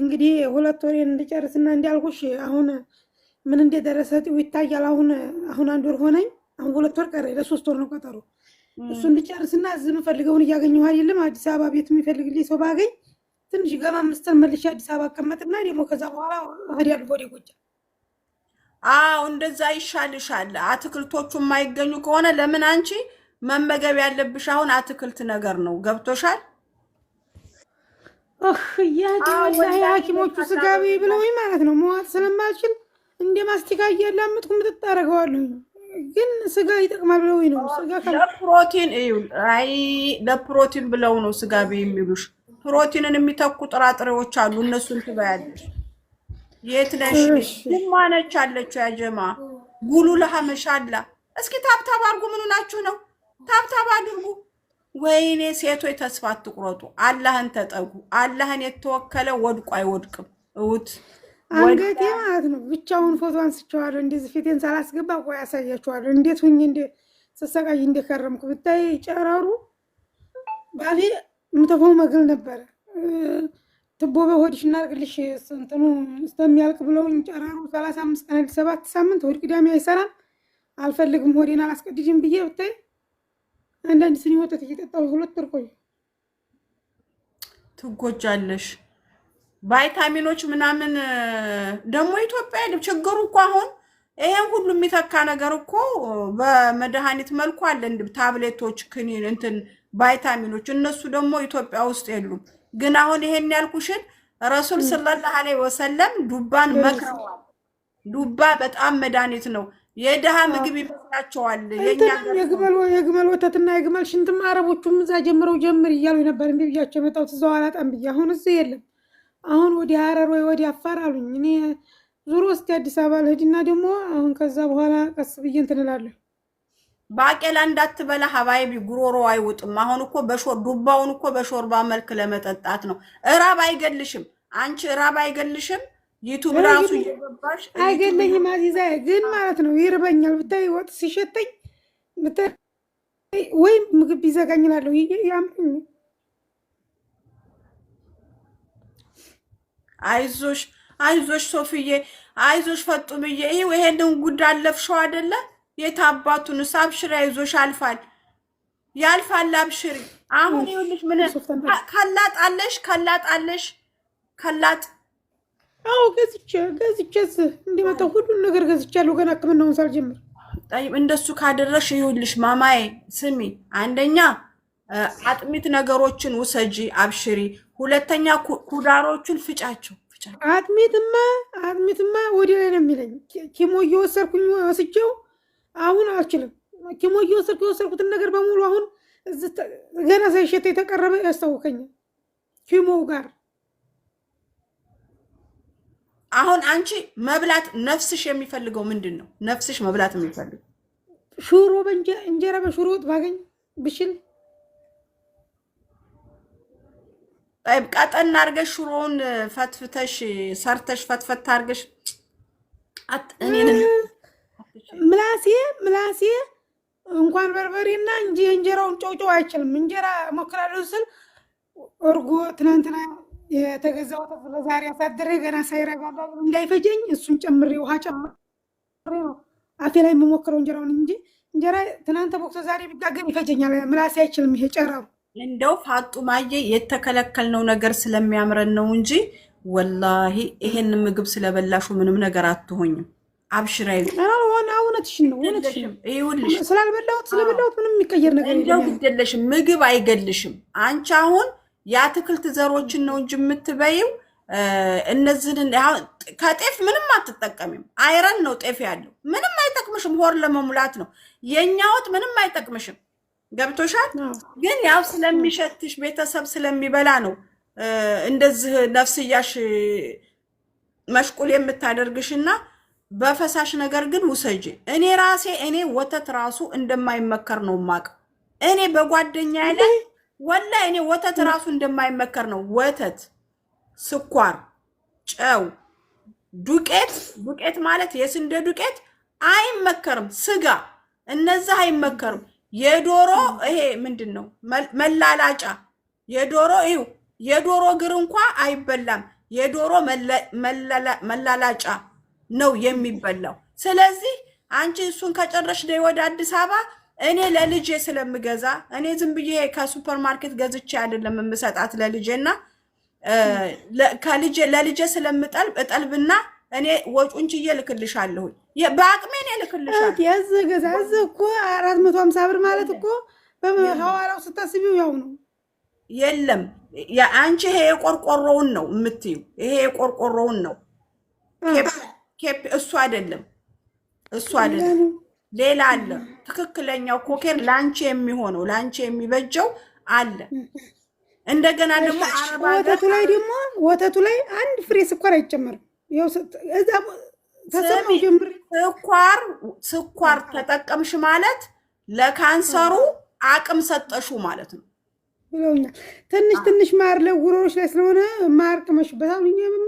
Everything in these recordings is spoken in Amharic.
እንግዲህ ሁለት ወሬ እንድጨርስና እንዲያልኩሽ አሁን ምን እንደደረሰ ይታያል። አሁን አሁን አንድ ወር ሆነኝ። አሁን ሁለት ወር ቀረ፣ ለሶስት ወር ነው ቀጠሮ። እሱ እንድጨርስና እዚህ የምፈልገውን እያገኘሁ አይደለም። አዲስ አበባ ቤት የሚፈልግልኝ ሰው ባገኝ ትንሽ ገማ ምስተር መልሼ አዲስ አበባ አቀመጥና ደግሞ ከዛ በኋላ እሄዳለሁ ወደ ጎጃ። አዎ እንደዛ ይሻልሻል። አትክልቶቹ የማይገኙ ከሆነ ለምን አንቺ መመገብ ያለብሽ አሁን አትክልት ነገር ነው። ገብቶሻል? የሐኪሞቹ ስጋ በይ ብለውኝ ማለት ነው። መዋጥ ስለማልችል እንደ ማስቲካ እያላመጥኩ ምጥጥ አደርገዋለሁ። ግን ስጋ ይጠቅማል ብለውኝ ነው። ለፕሮቲን አይ ለፕሮቲን ብለው ነው ስጋ በይ የሚሉሽ። ፕሮቲንን የሚተኩ ጥራጥሬዎች አሉ። እነሱን ትበያለሽ። የት ነሽ? ልማነች አለችው ያጀማ ጉሉ ለሀመሻላ። እስኪ ታብታብ አድርጉ። ምኑ ናችሁ ነው? ታብታብ አድርጉ። ወይኔ ሴቶች ተስፋ አትቁረጡ፣ አላህን ተጠጉ። አላህን የተወከለ ወድቆ አይወድቅም። እውት አንገቴ ማለት ነው። ብቻውን ፎቶ አንስቼዋለሁ። እንደዚህ ፊቴን ሳላስገባ ቆይ ያሳያችኋለሁ። እንዴት ሁኝ እንደ ስሰቃይ እንደከረምኩ ብታይ። ጨረሩ ባሌ ምተፈው መግል ነበረ ትቦ በሆድሽ እናርግልሽ ስንትኑ እስከሚያልቅ ብለውኝ ጨረሩ ሰላሳ አምስት ቀን ሰባት ሳምንት እሑድ ቅዳሜ አይሰራም አልፈልግም ሆዴን አላስቀድጅም ብዬ ብታይ አንዳንድ ስኒ ወተት እየጠጣሁ ሁለት ወር ቆየ። ትጎጃለሽ። ቫይታሚኖች ምናምን ደግሞ ኢትዮጵያ የለም። ችግሩ እኮ አሁን ይሄን ሁሉ የሚተካ ነገር እኮ በመድኃኒት መልኩ አለ፣ ታብሌቶች፣ ክኒን፣ እንትን ቫይታሚኖች። እነሱ ደግሞ ኢትዮጵያ ውስጥ የሉም። ግን አሁን ይሄን ያልኩሽን ረሱል ሰለላሁ ዐለይሂ ወሰለም ዱባን መክረዋል። ዱባ በጣም መድኃኒት ነው። የድሃ ምግብ ይመስላቸዋል። የግመል ወተትና የግመል ሽንትም አረቦቹም እዛ ጀምረው ጀምር እያሉ ነበር። እንዲ ብያቸው የመጣሁት እዛው አላጣም ብዬ አሁን እዚህ የለም። አሁን ወደ ሀረር ወይ ወደ አፋር አሉኝ። እኔ ዙሮ እስኪ አዲስ አበባ ልሂድና ደግሞ አሁን ከዛ በኋላ ቀስ ብዬ እንትን እላለሁ። ባቄላ እንዳትበላ ሀባይቢ፣ ጉሮሮ አይውጥም። አሁን እኮ በሾር ዱባውን እኮ በሾርባ መልክ ለመጠጣት ነው። እራብ አይገልሽም። አንቺ እራብ አይገልሽም። ዩቱብ ራሱ እየገባሽ አይገለኝም። አዚዛ ግን ማለት ነው ይርበኛል ብታይ ወጥ ሲሸተኝ ወይም ምግብ ይዘጋኝላለሁ ያምኝ አይዞሽ አይዞሽ ሶፍዬ አይዞሽ ፈጡምዬ ይሄ ይሄንን ጉዳ አለፍሽው አይደለ የት አባቱንስ? አብሽሪ አይዞሽ አልፋል ያልፋል። አብሽሪ አሁን ይኸውልሽ ምን ካላጣለሽ ካላጣለሽ ካላጥ አዎ ገዝቼ ገዝቼስ እንዲመጣው ሁሉን ነገር ገዝቻለሁ። ገና ሕክምናውን ሳልጀምር እንደሱ ካደረሽ ይሁልሽ። ማማዬ ስሚ፣ አንደኛ አጥሚት ነገሮችን ውሰጂ፣ አብሽሪ። ሁለተኛ ኩዳሮቹን ፍጫቸው። አጥሚትማ አጥሚትማ ወደ ላይ ነው የሚለኝ። ኪሞ እየወሰድኩኝ ወስጄው አሁን አልችልም። ኪሞ እየወሰድኩ የወሰድኩትን ነገር በሙሉ አሁን ገና ሳይሸተ የተቀረበ ያስታወከኝ ኪሞ ጋር አሁን አንቺ መብላት ነፍስሽ የሚፈልገው ምንድን ነው? ነፍስሽ መብላት የሚፈልገው ሹሮ እንጀራ በሽሮ ወጥ ባገኝ ብችል ቀጠን አድርገሽ ሽሮውን ፈትፍተሽ ሰርተሽ ፈትፈት አድርገሽ ምላሴ ምላሴ እንኳን በርበሬና እንጂ እንጀራውን ጨውጨው አይችልም። እንጀራ ሞክራለሁ ስል እርጎ ትናንትና የተገዛው ወተት ለዛሬ ያሳደረ ገና ሳይረጋጋ እንዳይፈጀኝ እሱን ጨምሬ ውሃ ጨምሬ ነው አፌ ላይ የምሞክረው እንጀራውን እንጂ እንጀራ ትናንተ ቦክሶ ዛሬ ቢጋገም ይፈጀኛል። ምላሴ አይችልም። ይሄ ጨረሩ እንደው ፋጡ ማየ የተከለከልነው ነገር ስለሚያምረን ነው እንጂ ወላሂ ይሄን ምግብ ስለበላሹ ምንም ነገር አትሆኝም። አብሽራይ ሆነ እውነትሽን ነው ስላልበላሁት ስለበላሁት ምንም የሚቀየር ነገር እንደው ግደለሽም ምግብ አይገልሽም። አንቺ አሁን የአትክልት ዘሮችን ነው እንጂ የምትበይው እነዚህን ከጤፍ ምንም አትጠቀሚም። አይረን ነው ጤፍ ያለው ምንም አይጠቅምሽም። ሆር ለመሙላት ነው። የእኛ ወጥ ምንም አይጠቅምሽም። ገብቶሻል። ግን ያው ስለሚሸትሽ ቤተሰብ ስለሚበላ ነው እንደዚህ ነፍስያሽ መሽቁል የምታደርግሽና በፈሳሽ ነገር ግን ውሰጂ። እኔ ራሴ እኔ ወተት ራሱ እንደማይመከር ነው ማቅ እኔ በጓደኛ ላይ ወላ እኔ ወተት ራሱ እንደማይመከር ነው። ወተት፣ ስኳር፣ ጨው፣ ዱቄት ዱቄት ማለት የስንዴ ዱቄት አይመከርም። ስጋ እነዛ አይመከርም። የዶሮ ይሄ ምንድን ነው መላላጫ የዶሮ ይው የዶሮ እግር እንኳ አይበላም። የዶሮ መላላጫ ነው የሚበላው። ስለዚህ አንቺ እሱን ከጨረሽ ደይ ወደ አዲስ አበባ እኔ ለልጄ ስለምገዛ እኔ ዝም ብዬ ከሱፐር ማርኬት ገዝቼ አይደለም የምሰጣት ለልጄና ለልጄ ስለምጠልብ እጠልብና እኔ ወጪውን ችዬ እልክልሻለሁ። በአቅሜ እኔ እልክልሻለሁ። የዚህ ገዛ እዚህ እኮ አራት መቶ ሀምሳ ብር ማለት እኮ በሐዋላው ስታስቢው ያው ነው። የለም አንቺ ይሄ የቆርቆሮውን ነው የምትዩ። ይሄ የቆርቆሮውን ነው ኬፕ እሱ አይደለም፣ እሱ አይደለም፣ ሌላ አለ ትክክለኛው ኮኬን ላንቺ የሚሆነው ላንቺ የሚበጀው አለ። እንደገና ደግሞ ወተቱ ላይ ደግሞ ወተቱ ላይ አንድ ፍሬ ስኳር አይጨመርም። ስኳር ስኳር ተጠቀምሽ ማለት ለካንሰሩ አቅም ሰጠሹ ማለት ነው። ብለውኛል። ትንሽ ትንሽ ማር ለጉሮሮች ላይ ስለሆነ ማር ቅመሽበታል።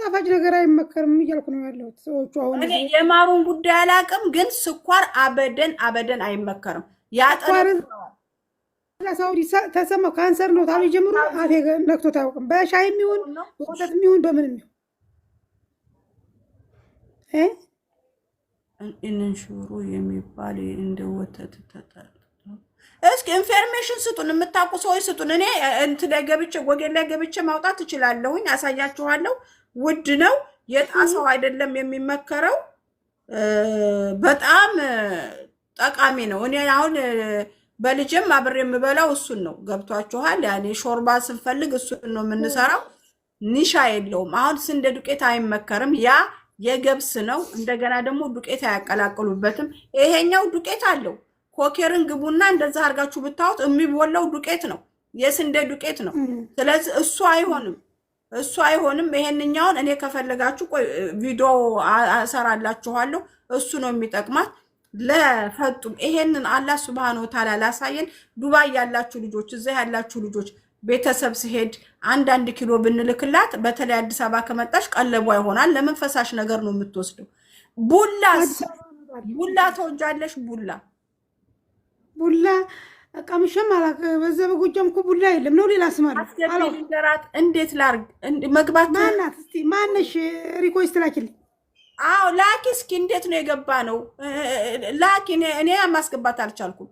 ጣፋጭ ነገር አይመከርም እያልኩ ነው ያለሁት። ሰዎቹ አሁን የማሩን ጉዳይ አላውቅም፣ ግን ስኳር አበደን አበደን አይመከርም። ያጠሳው ተሰማው ካንሰር ነው ታሉ ጀምሮ አፌ ነክቶት አያውቅም። በሻይ የሚሆን ወተት የሚሆን በምን የሚሆን እንሽሩ የሚባል እንደ ወተት ተጠር እስኪ ኢንፎርሜሽን ስጡን፣ የምታውቁ ሰዎች ስጡን። እኔ እንት ላይ ገብቼ ጎጌን ላይ ገብቼ ማውጣት እችላለሁኝ፣ አሳያችኋለሁ። ውድ ነው፣ የጣሰው አይደለም የሚመከረው። በጣም ጠቃሚ ነው። እኔ አሁን በልጅም አብሬ የምበላው እሱን ነው። ገብቷችኋል? ያኔ ሾርባ ስንፈልግ እሱን ነው የምንሰራው። ኒሻ የለውም። አሁን ስንዴ ዱቄት አይመከርም። ያ የገብስ ነው። እንደገና ደግሞ ዱቄት አያቀላቅሉበትም። ይሄኛው ዱቄት አለው ኮኬርን ግቡና እንደዛ አድርጋችሁ ብታወት የሚወላው ዱቄት ነው፣ የስንዴ ዱቄት ነው። ስለዚህ እሱ አይሆንም፣ እሱ አይሆንም። ይሄንኛውን እኔ ከፈለጋችሁ ቪዲዮ አሰራላችኋለሁ። እሱ ነው የሚጠቅማት ለፈጡም ይሄንን አላህ ሱብሃነሁ ወተዓላ ላሳየን። ዱባይ ያላችሁ ልጆች፣ እዛ ያላችሁ ልጆች ቤተሰብ ሲሄድ አንዳንድ ኪሎ ብንልክላት በተለይ አዲስ አበባ ከመጣች ቀለቧ ይሆናል። ለምን ፈሳሽ ነገር ነው የምትወስደው? ቡላ ቡላ ተወጃለሽ ቡላ ቡላ ቀምሼም አላውቅ። በዛ በጎጃም እኮ ቡላ የለም ነው ሌላ ስም አለው። እንዴት ላርግ? መግባት ማናት? እስኪ ማነሽ? ሪኮስት ላኪልኝ። አዎ ላኪ እስኪ። እንዴት ነው የገባ ነው? ላኪ። እኔ ማስገባት አልቻልኩም።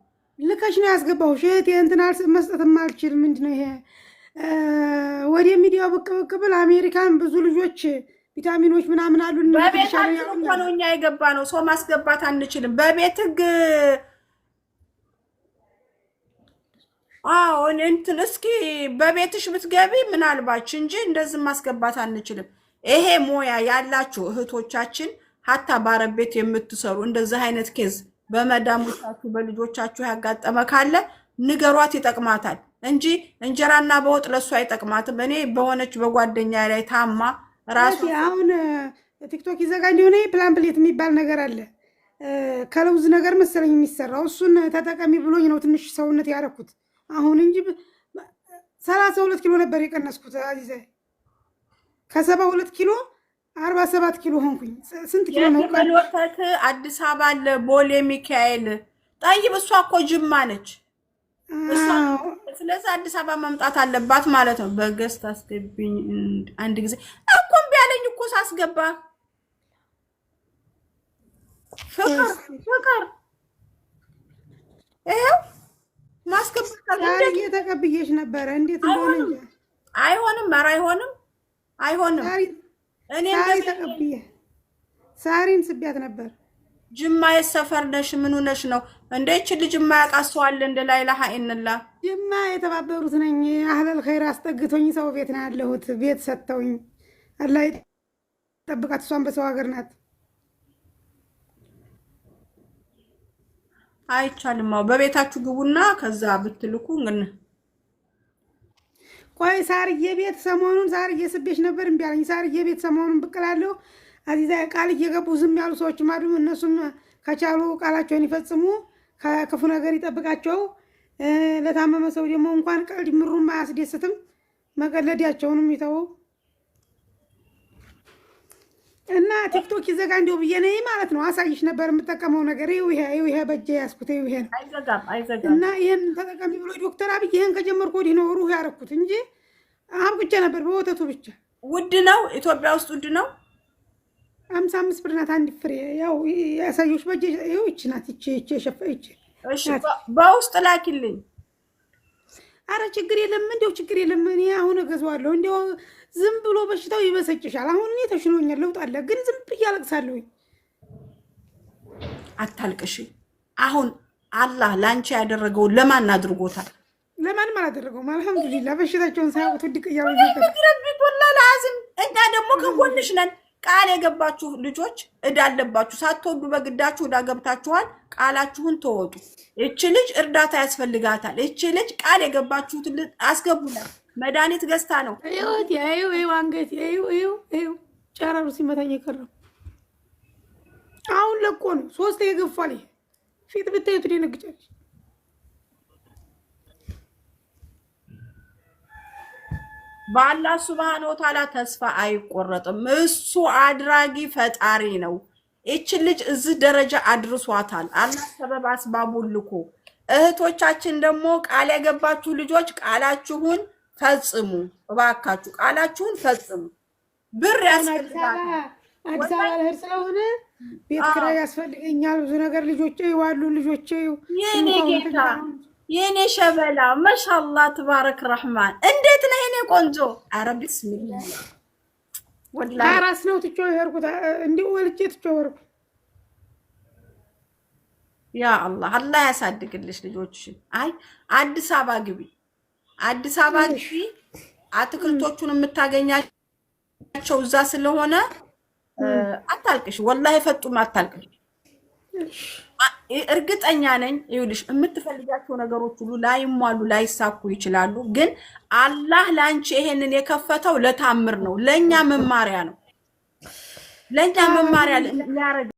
ልከሽ ነው ያስገባው። ሸት እንትን መስጠት አልችል። ምንድ ነው ይሄ? ወደ ሚዲያው ብቅ ብቅ ብል አሜሪካን ብዙ ልጆች ቪታሚኖች ምናምን አሉ። በቤታችን እኮ ነው እኛ የገባ ነው። ሰው ማስገባት አንችልም። በቤት ህግ አሁን እንትን እስኪ በቤትሽ ብትገቢ ምናልባች እንጂ እንደዚህ ማስገባት አንችልም። ይሄ ሞያ ያላችሁ እህቶቻችን ሀታ ባረብ ቤት የምትሰሩ እንደዚህ አይነት ኬዝ በመዳሞቻችሁ በልጆቻችሁ ያጋጠመ ካለ ንገሯት፣ ይጠቅማታል እንጂ እንጀራና በወጥ ለሱ አይጠቅማትም። እኔ በሆነች በጓደኛ ላይ ታማ ራሱ አሁን ቲክቶክ ይዘጋ እንዲሆነ ፕላን ፕሌት የሚባል ነገር አለ ከለውዝ ነገር መሰለኝ የሚሰራው እሱን ተጠቀሚ ብሎኝ ነው ትንሽ ሰውነት ያደረኩት። አሁን እንጂ ሰላሳ ሁለት ኪሎ ነበር የቀነስኩት አዚዘ ከሰባ ሁለት ኪሎ አርባ ሰባት ኪሎ ሆንኩኝ። ስንት ኪሎ ነው? ወተት አዲስ አበባ አለ ቦሌ ሚካኤል ጠይብ። እሷ እኮ ጅማ ነች። ስለዚህ አዲስ አበባ መምጣት አለባት ማለት ነው። በገስት አስገብኝ አንድ ጊዜ እኮ እምቢ አለኝ እኮ ሳስገባ። ፍቅር ፍቅር ይኸው ማስከበር እየተቀብዬሽ ነበረ። እንዴት እንደሆነ አይሆንም። ኧረ አይሆንም፣ አይሆንም። እኔ ተቀብዬ ሳሪን ስቢያት ነበር። ጅማ የሰፈር ነሽ ምኑ ነሽ ነው እንደ ይቺ ልጅ የማያቃሰዋል እንደ ላይ ላሀ ጅማ የተባበሩት ነኝ። አህለል ኸይር አስጠግቶኝ ሰው ቤት ነው ያለሁት። ቤት ሰጥተውኝ አላህ ይጠብቃት። እሷን በሰው ሀገር ናት። አይቻልም። በቤታችሁ ግቡና ከዛ ብትልኩ ግን ቆይ ሳርዬ ቤት ሰሞኑን ሳርዬ ስቤሽ ነበር እምቢ አለኝ። ሳርዬ ቤት ሰሞኑን ብቅ እላለሁ። አዚዛ ቃል እየገቡ ዝም ያሉ ሰዎች አሉ። እነሱም ከቻሉ ቃላቸውን ይፈጽሙ፣ ከክፉ ነገር ይጠብቃቸው። ለታመመ ሰው ደግሞ እንኳን ቀልድ ምሩም አያስደስትም። መቀለዳቸውንም ይተወው። እና ቲክቶክ ይዘጋ እንዲሁ ብዬ ነይ ማለት ነው። አሳይሽ ነበር የምጠቀመው ነገር ይሄ ይሄ በእጄ ያዝኩት ይሄ ነው። እና ይህን ተጠቀሚ ብሎ ዶክተር አብይ ይህን ከጀመርኩ ወዲህ ነው ሩህ ያደረኩት እንጂ አብቅቼ ነበር በወተቱ ብቻ። ውድ ነው ኢትዮጵያ ውስጥ ውድ ነው። አምሳ አምስት ብር ናት አንድ ፍሬ። ያው ያሳየሽ በእጄ ይቺ ናት ይቺ ይቼ በውስጥ ላኪልኝ አረ ችግር የለም እንዲያው ችግር የለም እኔ አሁን እገዛዋለሁ። እንዲያው ዝም ብሎ በሽታው ይበሰጭሻል። አሁን እኔ ተሽሎኛል፣ ለውጥ አለ። ግን ዝም ብዬ አለቅሳለሁኝ። አታልቅሽ። አሁን አላህ ለአንቺ ያደረገው ለማን አድርጎታል? ለማንም አላደረገውም። አልሐምዱሊላ በሽታቸውን ሳያውቁት ድቅ እያሉ ረቢቶላ ለአዝም እና ደግሞ ከጎንሽ ነን ቃል የገባችሁ ልጆች እዳ አለባችሁ። ሳትወዱ በግዳችሁ እዳ ገብታችኋል። ቃላችሁን ተወጡ። እች ልጅ እርዳታ ያስፈልጋታል። እች ልጅ ቃል የገባችሁት አስገቡላት። መድኃኒት ገዝታ ነው አንገት ጨረሩ ሲመታኝ የቀረው አሁን ለቆ ነው ሶስት የገፋል። ፊት ብታዩት ደነግጫለች። ባላ ሱብሃነ ወተዓላ ተስፋ አይቆረጥም። እሱ አድራጊ ፈጣሪ ነው። ይችን ልጅ እዚህ ደረጃ አድርሷታል። አላህ ሰበብ አስባቡን ልኮ እህቶቻችን ደግሞ ቃል ያገባችሁ ልጆች ቃላችሁን ፈጽሙ፣ እባካችሁ ቃላችሁን ፈጽሙ። ብር ያስፈልጋል። አዲስ አበባ ልሄድ ስለሆነ ቤት ኪራይ ያስፈልገኛል። ብዙ ነገር ልጆቼ ይዋሉ ልጆቼ የኔ ሸበላ መሻላ ትባረክ ረህማን፣ እንዴት ነህ የኔ ቆንጆ? አረ ቢስሚላ ወላሂ አራስ ነው ትቼው የሄድኩት እንዲሁ ወልቼ ትቼው የሄድኩት። ያ አላህ አላህ ያሳድግልሽ ልጆችሽን። አይ አዲስ አበባ ግቢ፣ አዲስ አበባ ግቢ። አትክልቶቹን የምታገኛቸው እዛ ስለሆነ አታልቅሽ፣ ወላሂ ፈጡም አታልቅሽ። እርግጠኛ ነኝ ይኸውልሽ፣ የምትፈልጋቸው ነገሮች ሁሉ ላይሟሉ ላይሳኩ ይችላሉ። ግን አላህ ለአንቺ ይሄንን የከፈተው ለታምር ነው፣ ለእኛ መማሪያ ነው፣ ለእኛ መማሪያ ሊያረግ